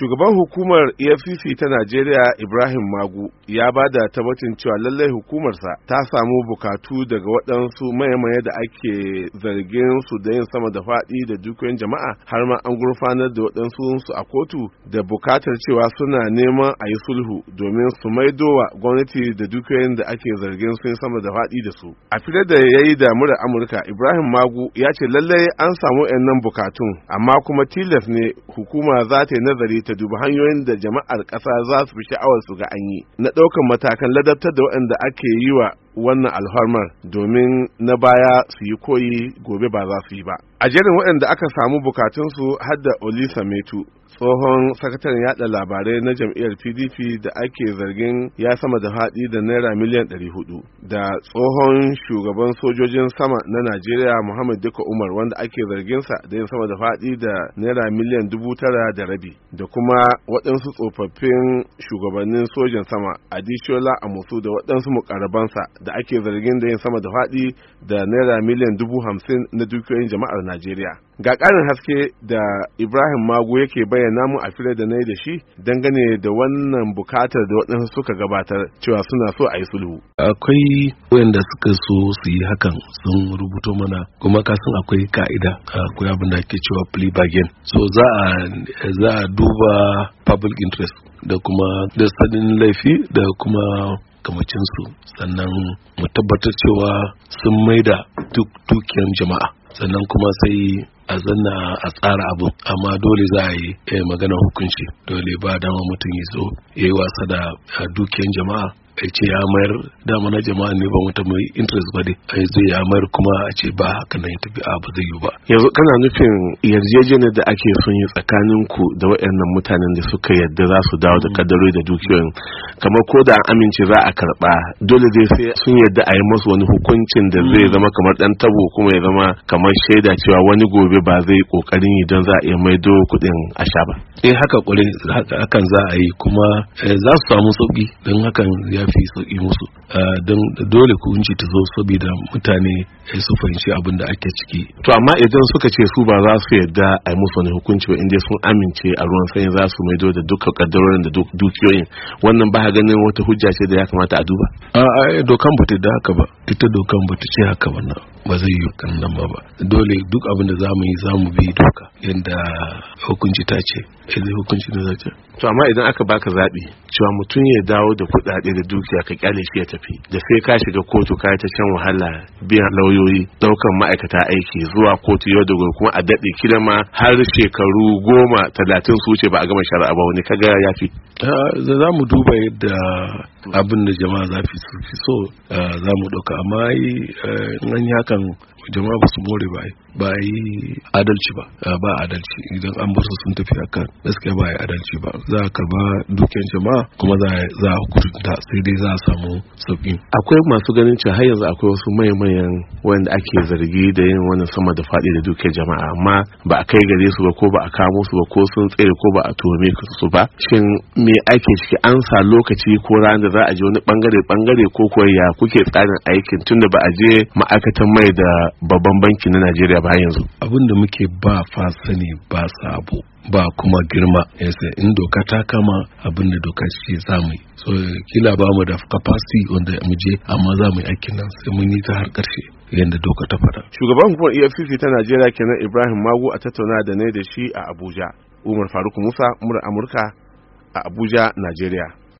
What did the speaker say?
shugaban hukumar efcc ta najeriya ibrahim magu ya ba da tabbacin cewa lallai hukumarsa ta samu bukatu daga waɗansu maye-maye da ake zargin su da yin sama da faɗi da dukiyoyin jama'a har ma an gurfanar da waɗansu su a kotu da bukatar cewa suna neman a yi sulhu domin su maido wa gwamnati da dukiyoyin da ake zargin sun sama da faɗi da su a fitar da ya yi da amurka ibrahim magu ya ce lallai an samu 'yan nan bukatun amma kuma tilas ne hukuma za ta yi nazari ta. ta dubi hanyoyin da jama'ar ƙasa za su fi sha'awar su ga an yi na ɗaukan matakan ladabtar da waɗanda ake yi wa wannan alharmar domin na baya su yi koyi gobe ba za su yi ba a jerin waɗanda aka samu bukatunsu har da olisa metu tsohon sakataren yada labarai na jam'iyyar pdp da ake zargin ya sama da haɗi da naira miliyan 400 da tsohon shugaban sojojin sama na najeriya muhammad duka umar wanda ake zarginsa da yin sama da haɗi da naira miliyan dubu tara da rabi da kuma waɗansu tsofaffin shugabannin sojan sama adishola amusu da waɗansu mukarabansa da ake zargin da yin sama da haɗi da naira miliyan dubu hamsin na dukiyoyin jama'ar najeriya ga ƙarin haske da ibrahim mago yake bayyana mu a fira da na yi da shi dangane da wannan bukatar da waɗansu suka gabatar cewa suna so a yi sulhu akwai wayanda suka so su yi hakan sun rubuto mana kuma kasan akwai ka'ida akwai abin da ke cewa plea bargain so za a duba public interest da kuma da sadin laifi da kuma kamacinsu sannan mu tabbatar cewa sun maida duk dukiyar jama'a sannan kuma sai a zanna a tsara abu amma dole za a yi eh, magana hukunci dole ba dama mutum ya zo ya yi wasa da eh, dukiyar jama'a a ce ya mayar da mana jama'a ne ba wata mai interest ba dai a zai ya mayar kuma a ce ba haka nan ta tafi a ba zai yi ba yanzu kana nufin yarjejeniyar da ake son yi tsakanin ku da waɗannan mutanen da suka yarda za su dawo da mm. kadaro da dukiyoyin kamar ko da an amince za a karba dole zai sai sun yarda a yi masu wani hukuncin da zai mm. zama kamar dan tabo kuma ya zama kamar shaida cewa wani gobe ba zai kokarin idan za a iya maido kuɗin a sha ba eh haka kure hakan za a yi kuma eh, za su samu sauki don hakan ya fi sauki musu eh, don dole kunci ta zo saboda mutane eh, su fahimci abin da ake ciki to amma idan suka ce su ba za su yadda a musu wani hukunci ba inda sun amince a ruwan sanyi za su maido da duka kaddarorin da dukiyoyin wannan ba ganin wata hujja ce da ya kamata a duba a dokan ba ta da haka ba ita dokan ba ta ce haka ba ba zai yi kan nan ba dole duk abin da zamu yi zamu bi doka yadda hukunci ta ce yadda hukunci ta zace to amma idan aka baka zabi cewa mutum ya dawo da kuɗaɗe da dukiya ka kyale shi ya tafi da sai ka shiga kotu ka ta shan wahala biyan lauyoyi daukan ma'aikata aiki zuwa kotu yau da gobe kuma a daɗe kila ma har shekaru goma talatin su wuce ba a gama shari'a ba wani kaga ya fi za mu duba yadda abin da jama'a za fi so eh, za mu ɗauka amma eh, in an yi 等。jama'a ba su more ba ba yi adalci ba ba adalci idan an bar su sun tafi akan gaskiya ba yi adalci ba za ka ba dukiyar jama'a kuma za a hukunta sai dai za a samu sauƙi akwai masu ganin cewa har yanzu akwai wasu manya-manyan wanda ake zargi da yin wannan sama da faɗi da dukiyar jama'a amma ba a kai gare su ba ko ba a kamo su ba ko sun tsere ko ba a tuhume su ba shin me ake ciki an sa lokaci ko ranar da za a je wani bangare bangare ko kuwa ya kuke tsarin aikin tunda ba a je ma'aikatan mai da babban banki na najeriya ba yanzu abin da muke ba fasani ba sabo ba kuma girma yasa in doka ta kama abin da doka ce za mu yi so kila ba mu da capacity wanda mu je amma za mu yi aikin nan sai mun yi ta har karshe yadda doka ta fara shugaban hukumar efcc ta najeriya kenan ibrahim magu a tattauna da ne da shi a abuja umar faruk musa murar amurka a abuja najeriya